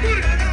Good.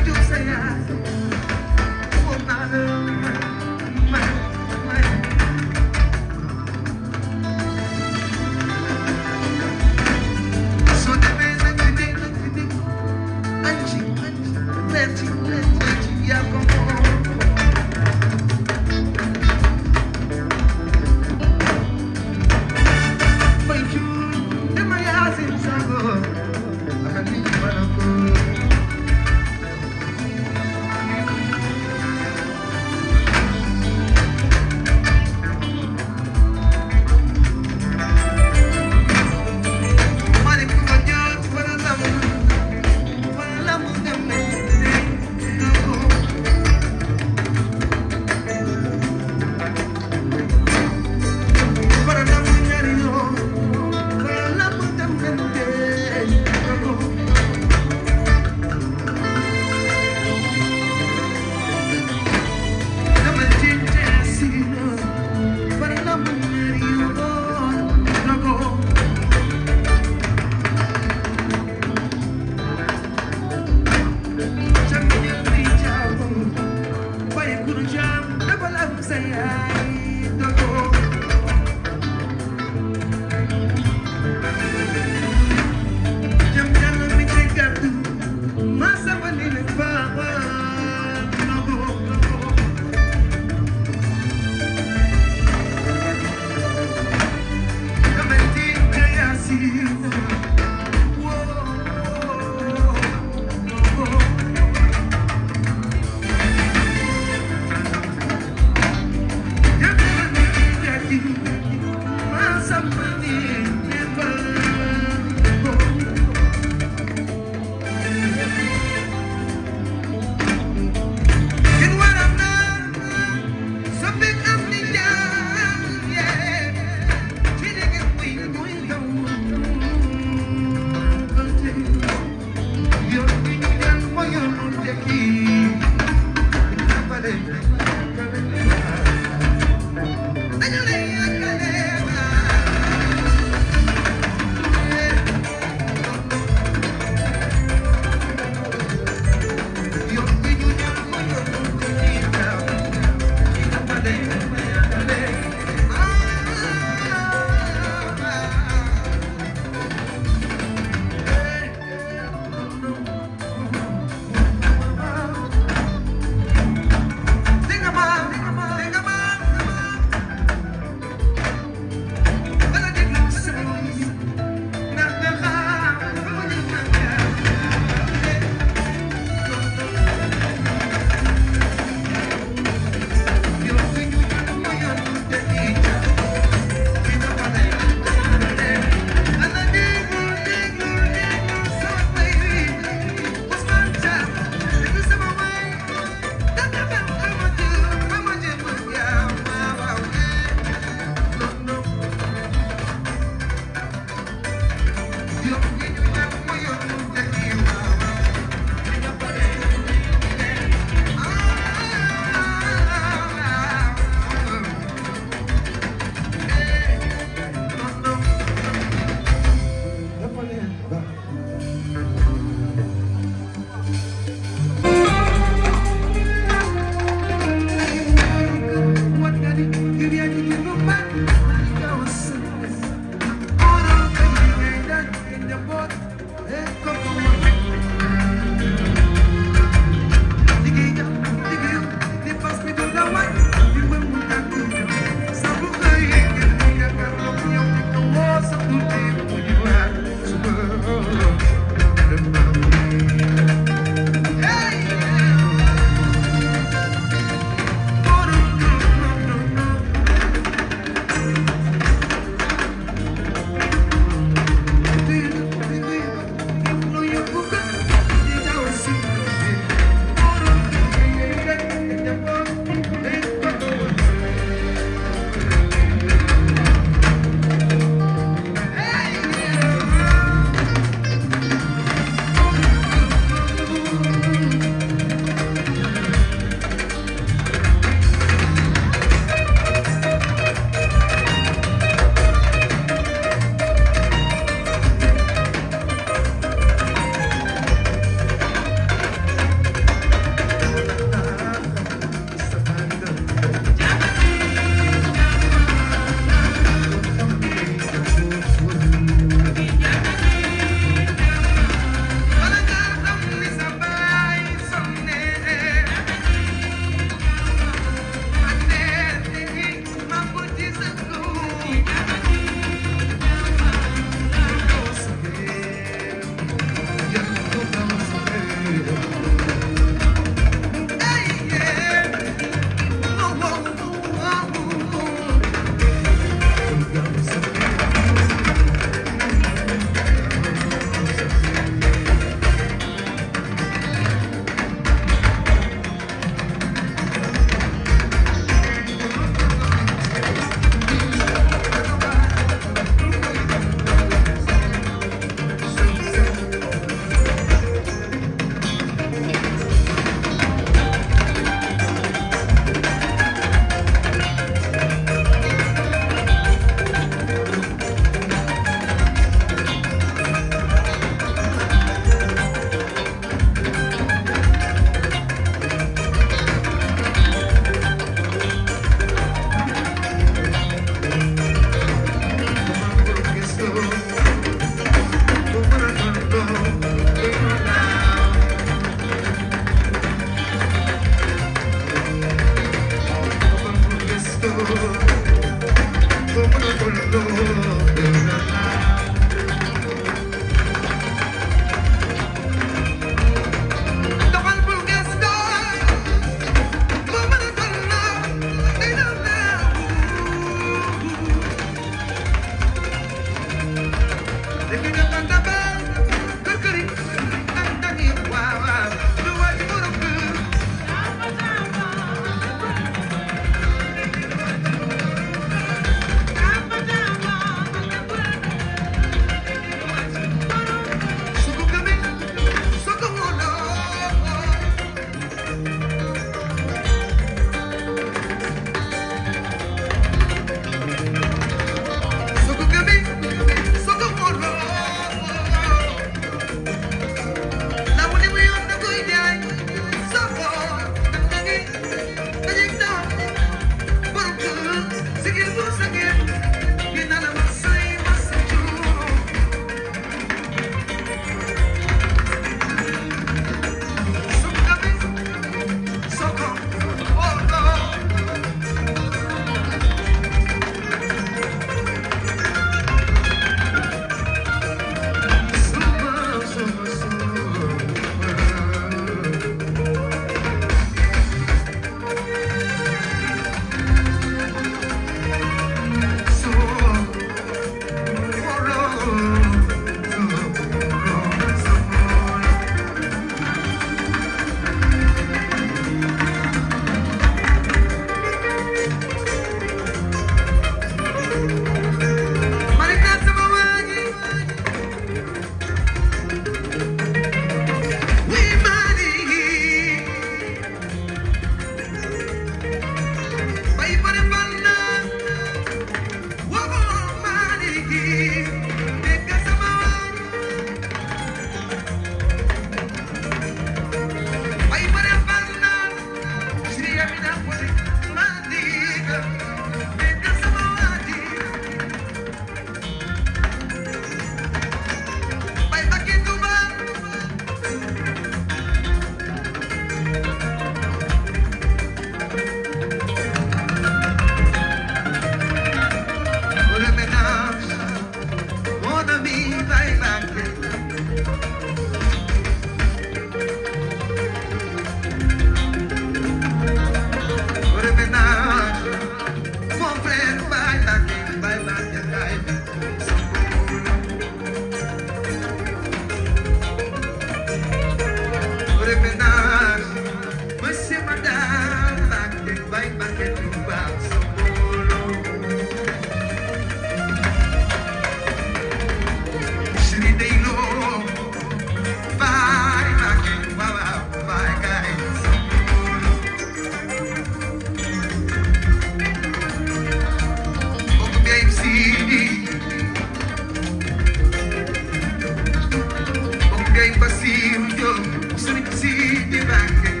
Bassirou Diop sëriñ si di Mbàkke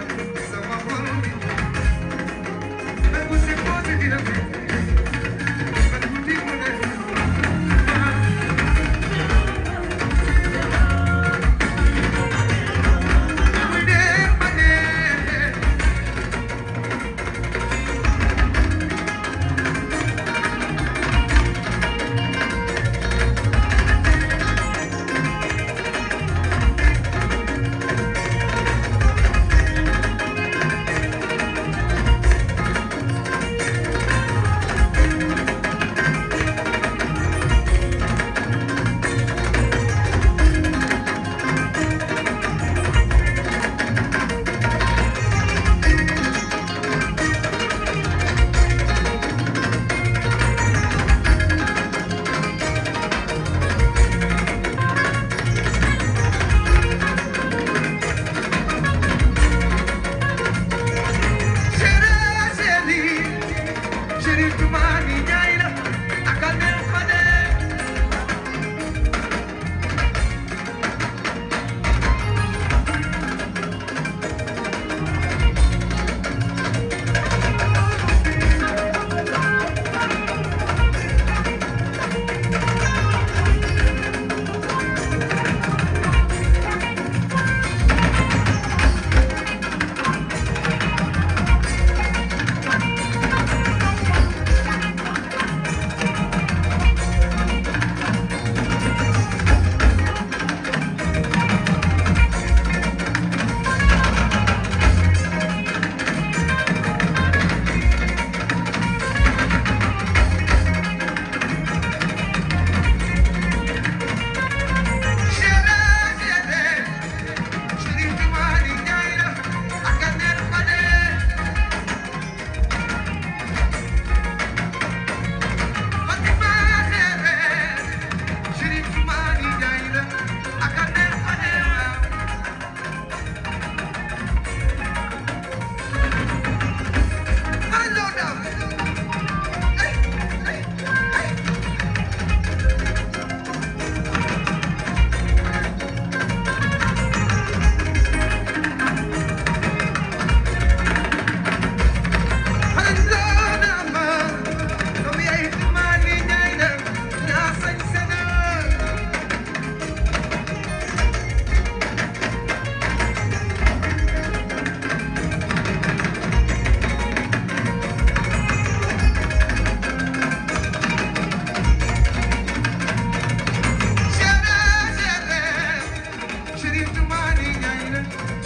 Thank you. Sëriñ Tuubaa di ñaan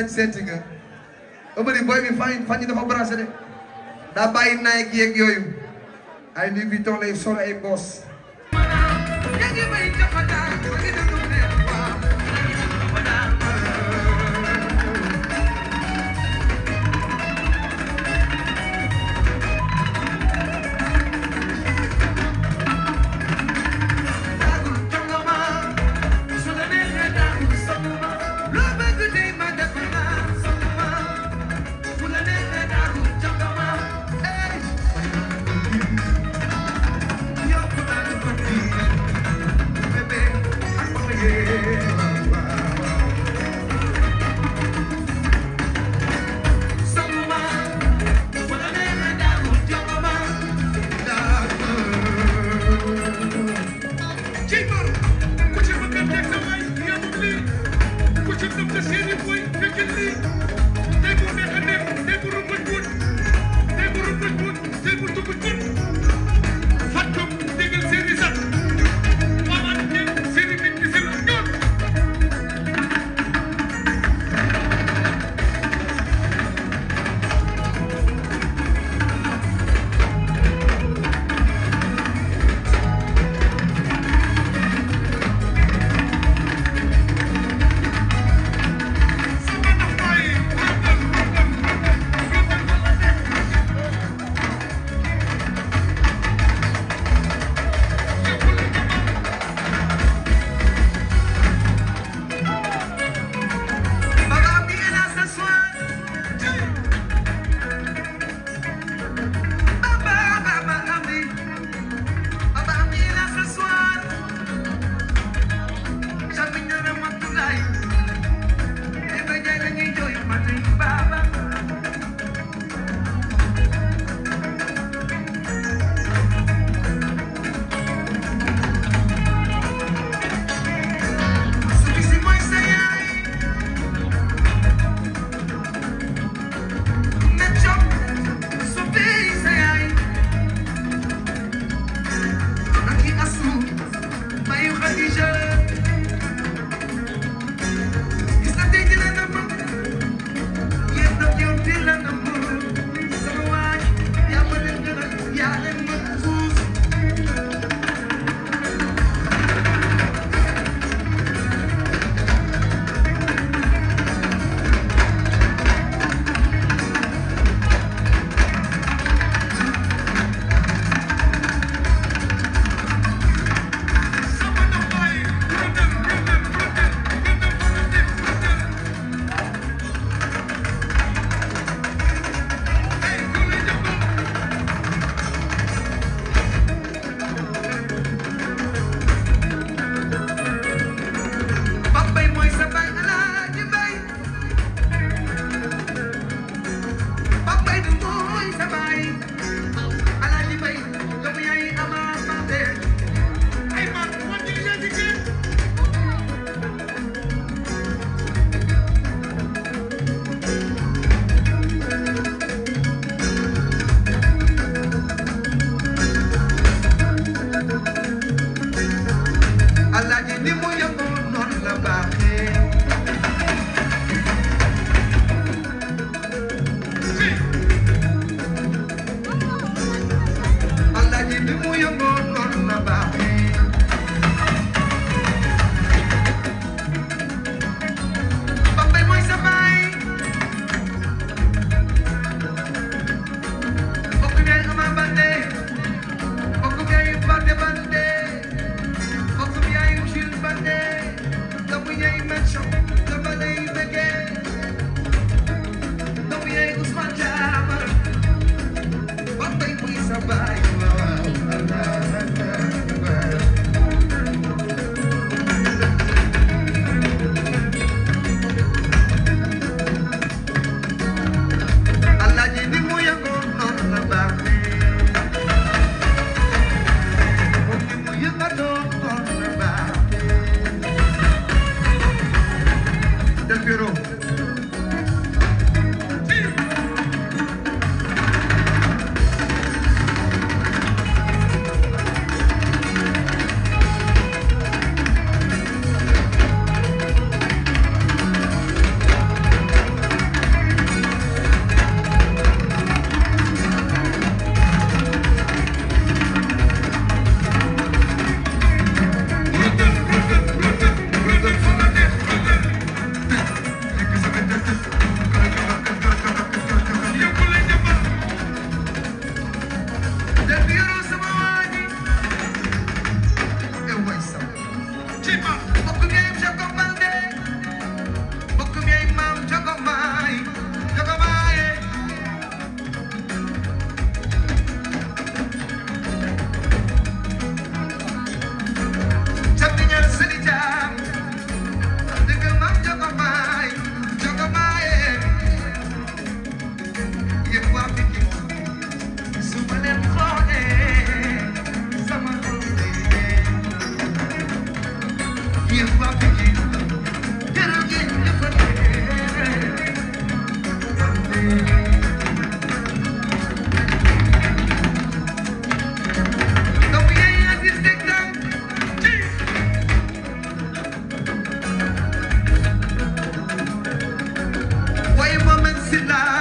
sañ seeti nga Amady booy bi fan fan yi dafa de daa bàyyi naay ak yeeg yooyu ay Louis Vuitton lay sol ay boss Sinai.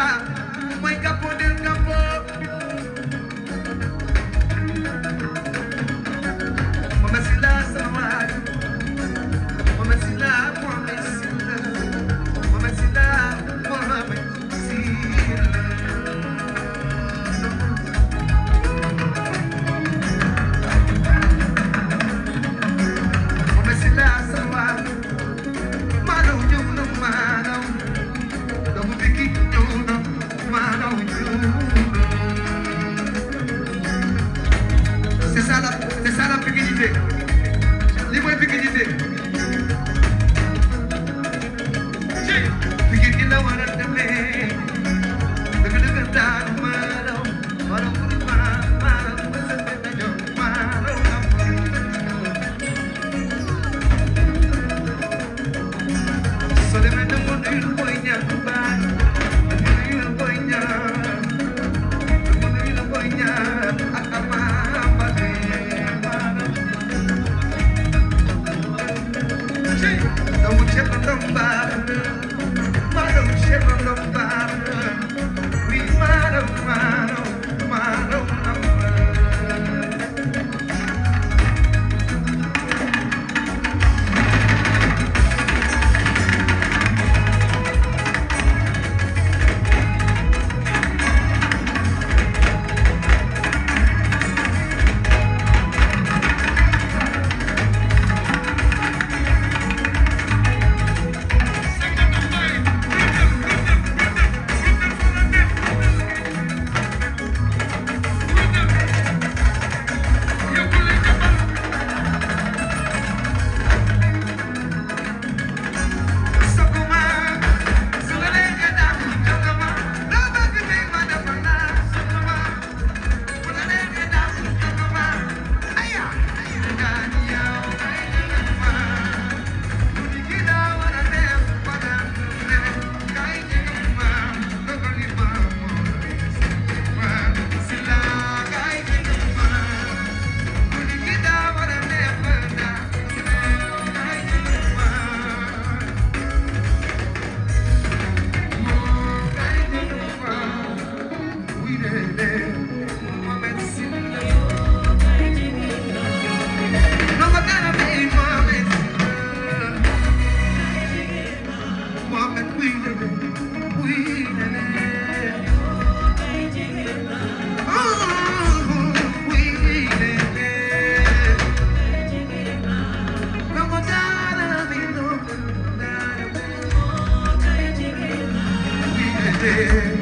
day.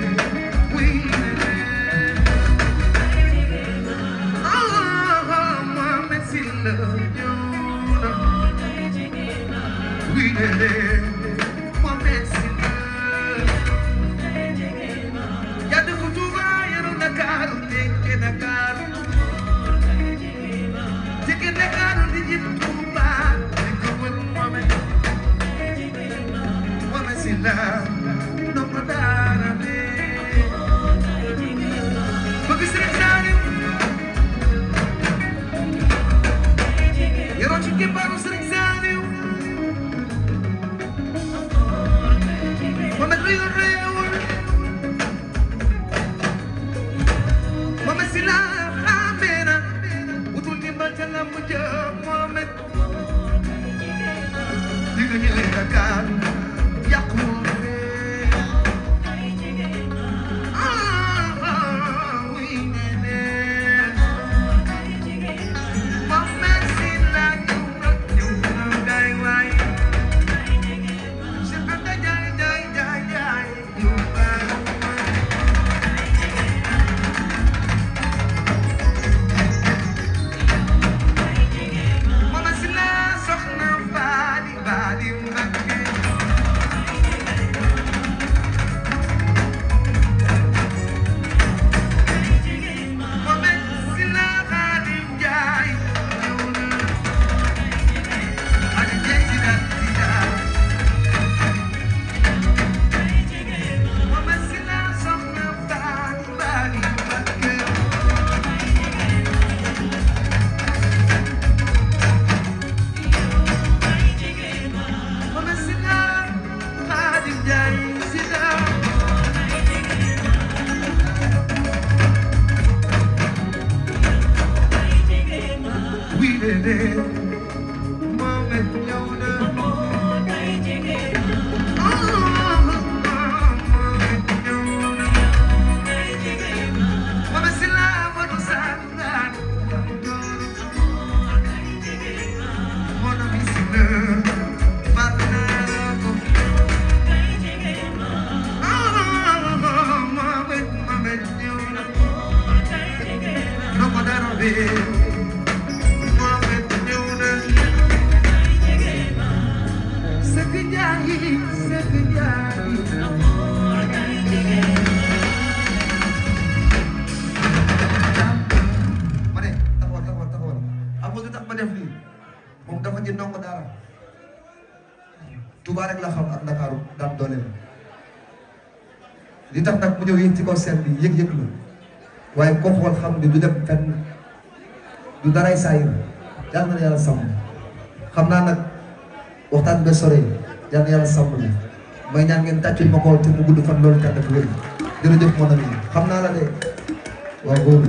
doole la li tax nag mu ñëw yëg ci concert bi yëg-yëg la waaye ko xool xam ne du dem fenn du daray saayir yal na yàlla sàmm xam naa nag waxtaan be sore yal na yàlla sàmm la may ñaan ngeen tàccul ma ko te mu gudd fan loolu kat ak wér jërëjëf mon ami xam naa la de waaw góor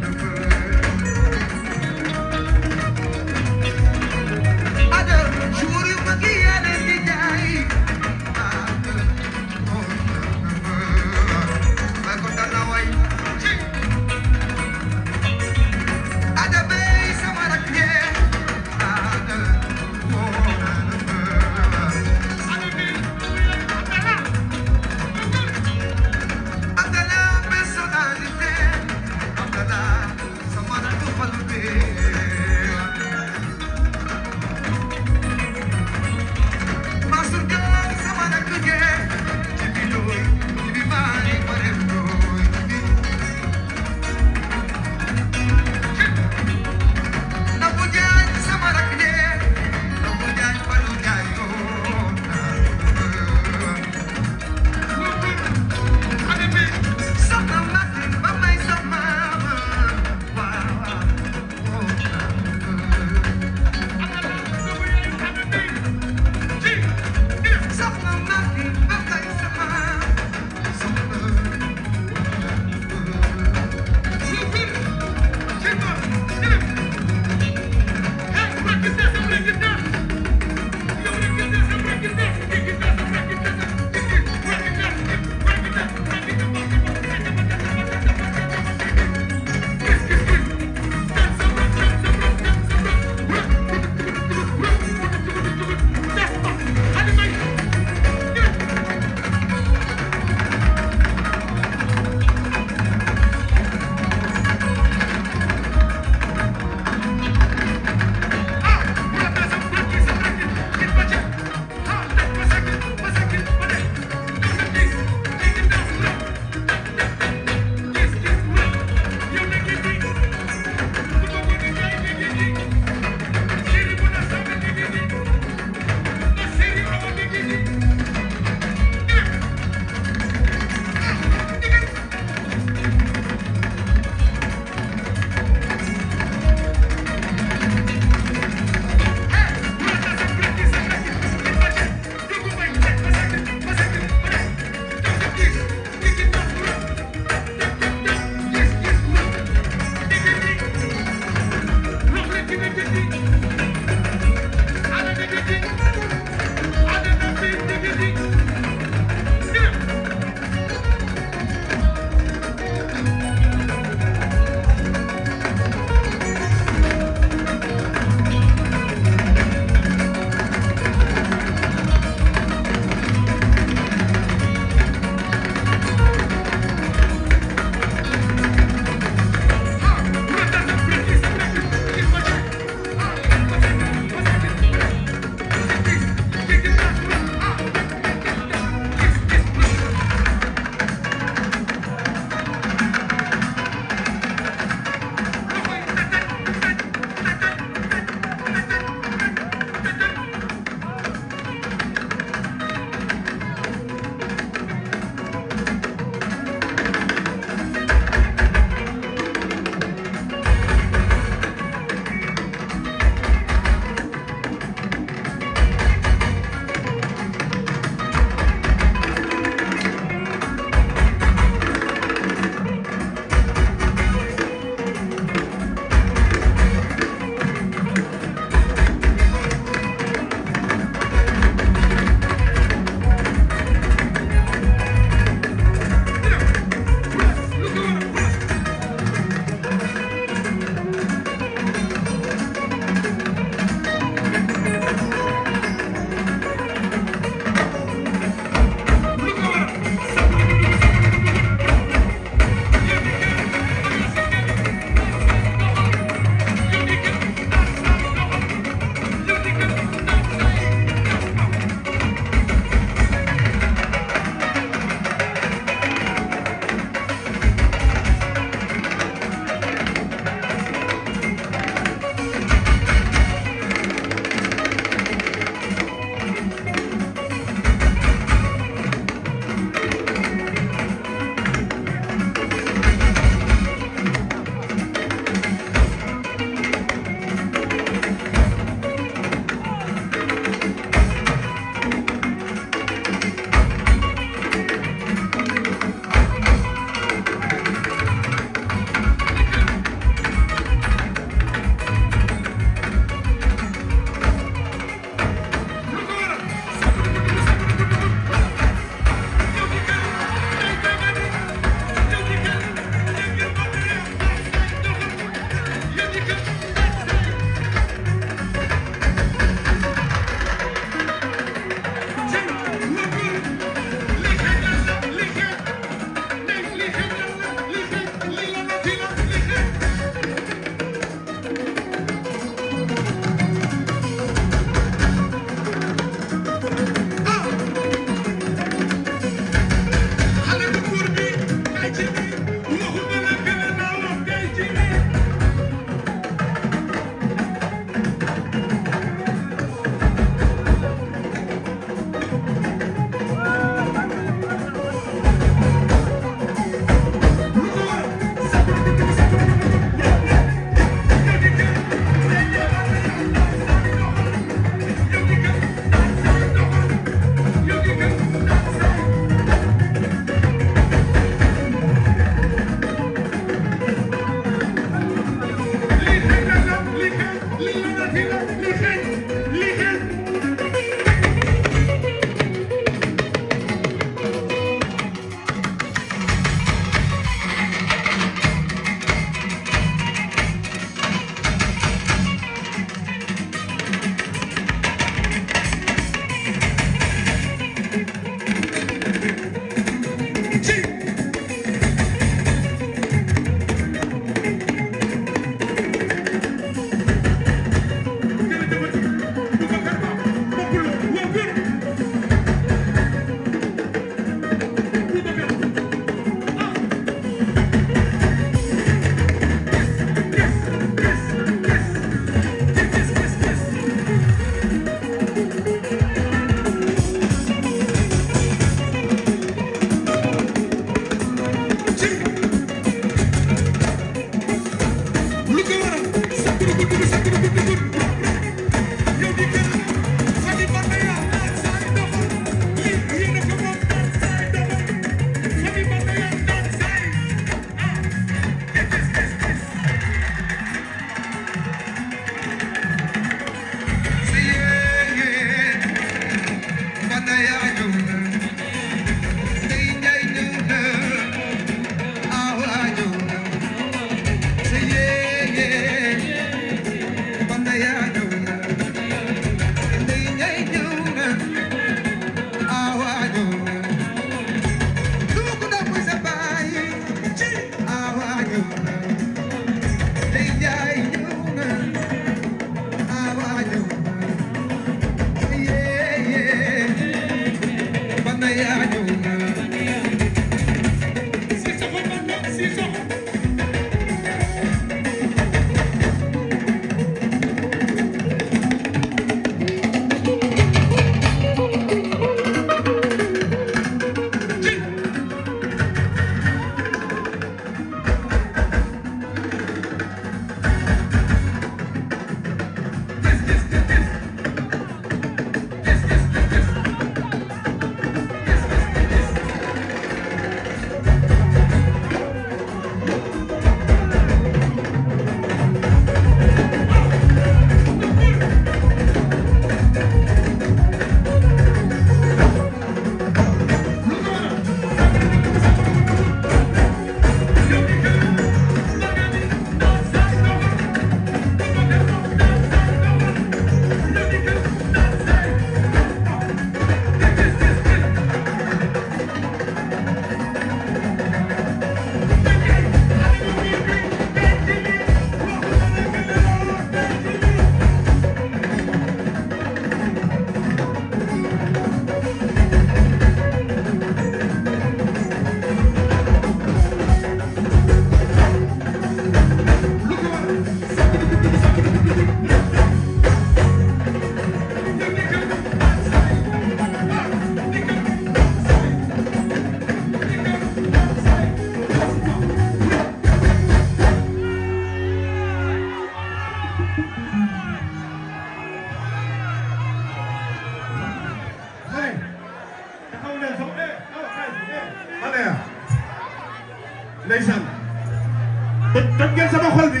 xam ngeen sama xol bi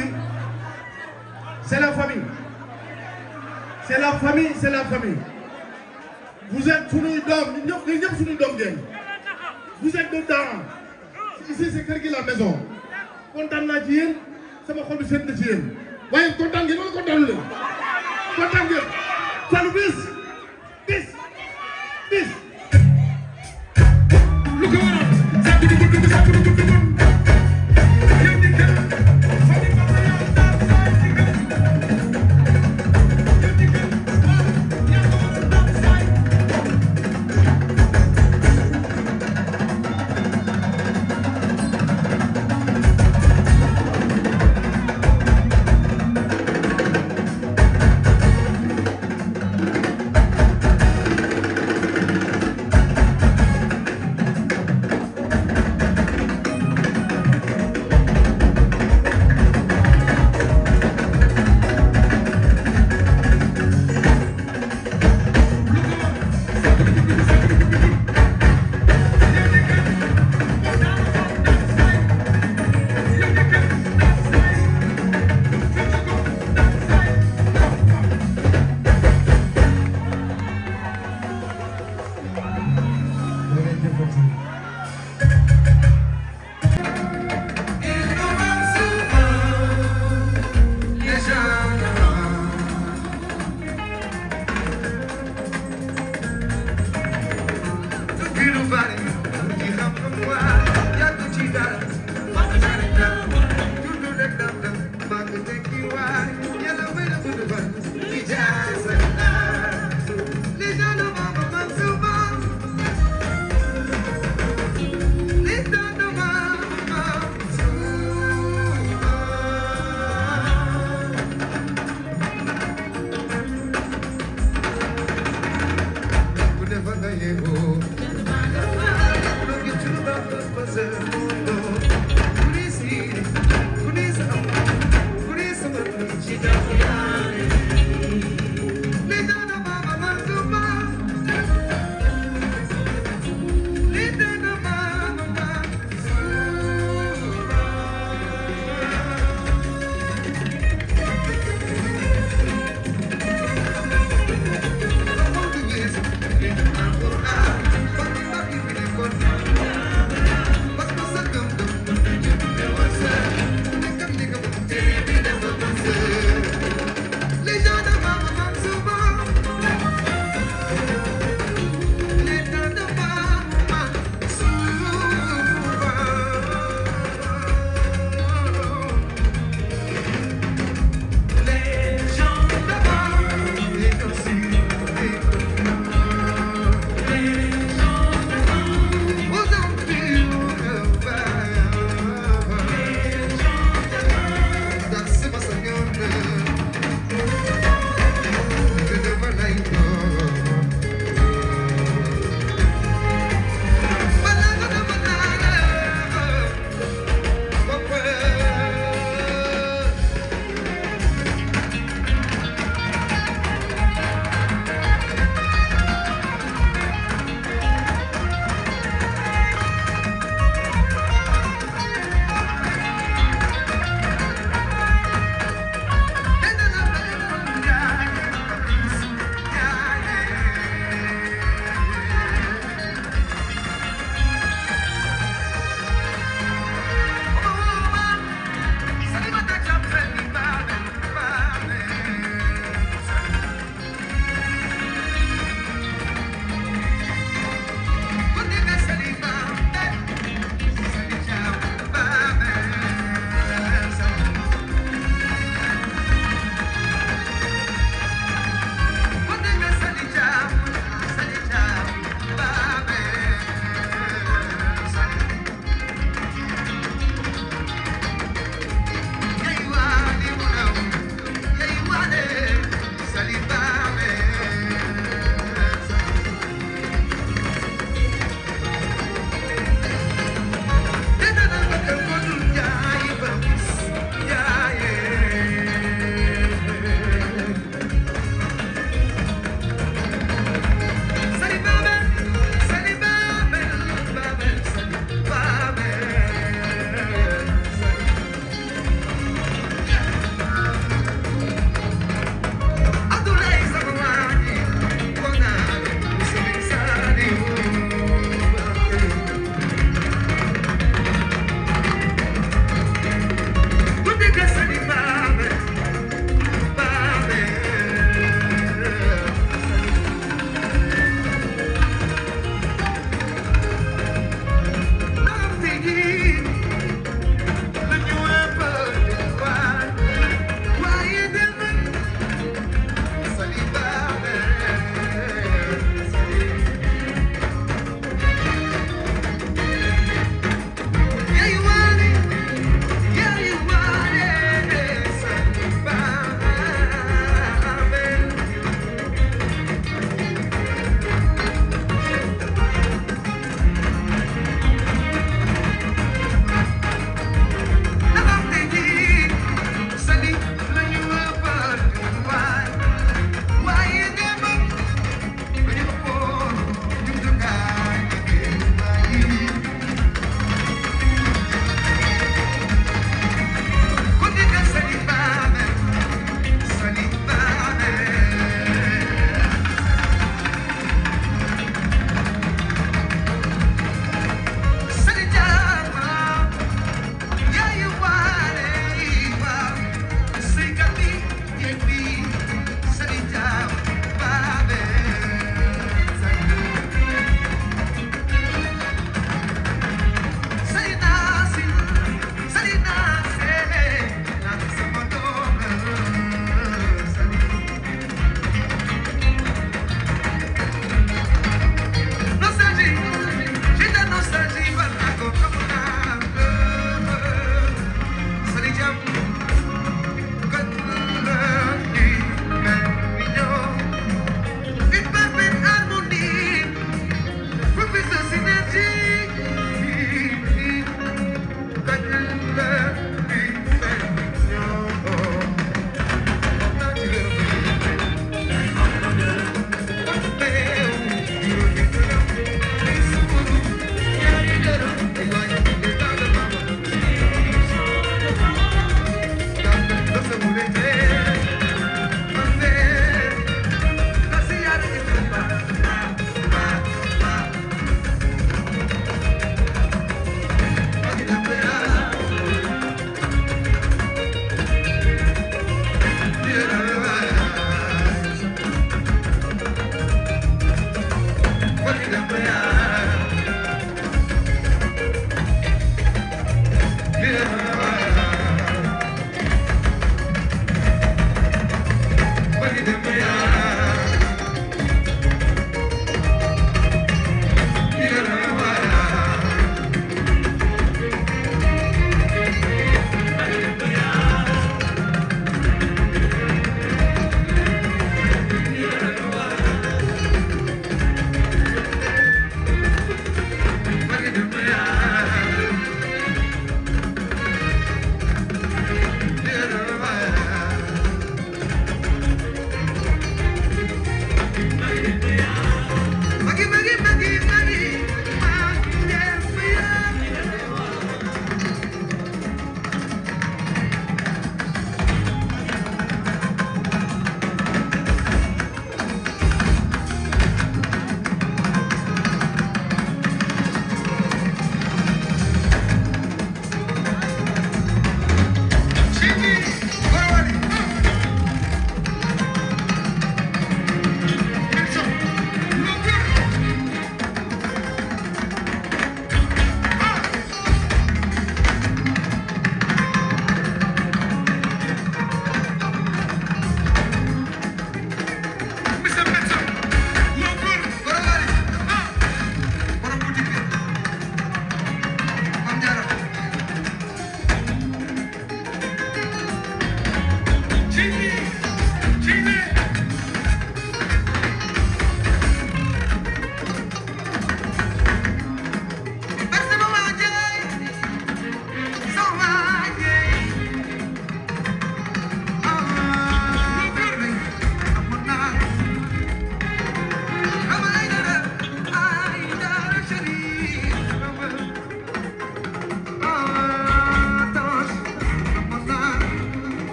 c'est la famille c'est la famille c'est la famille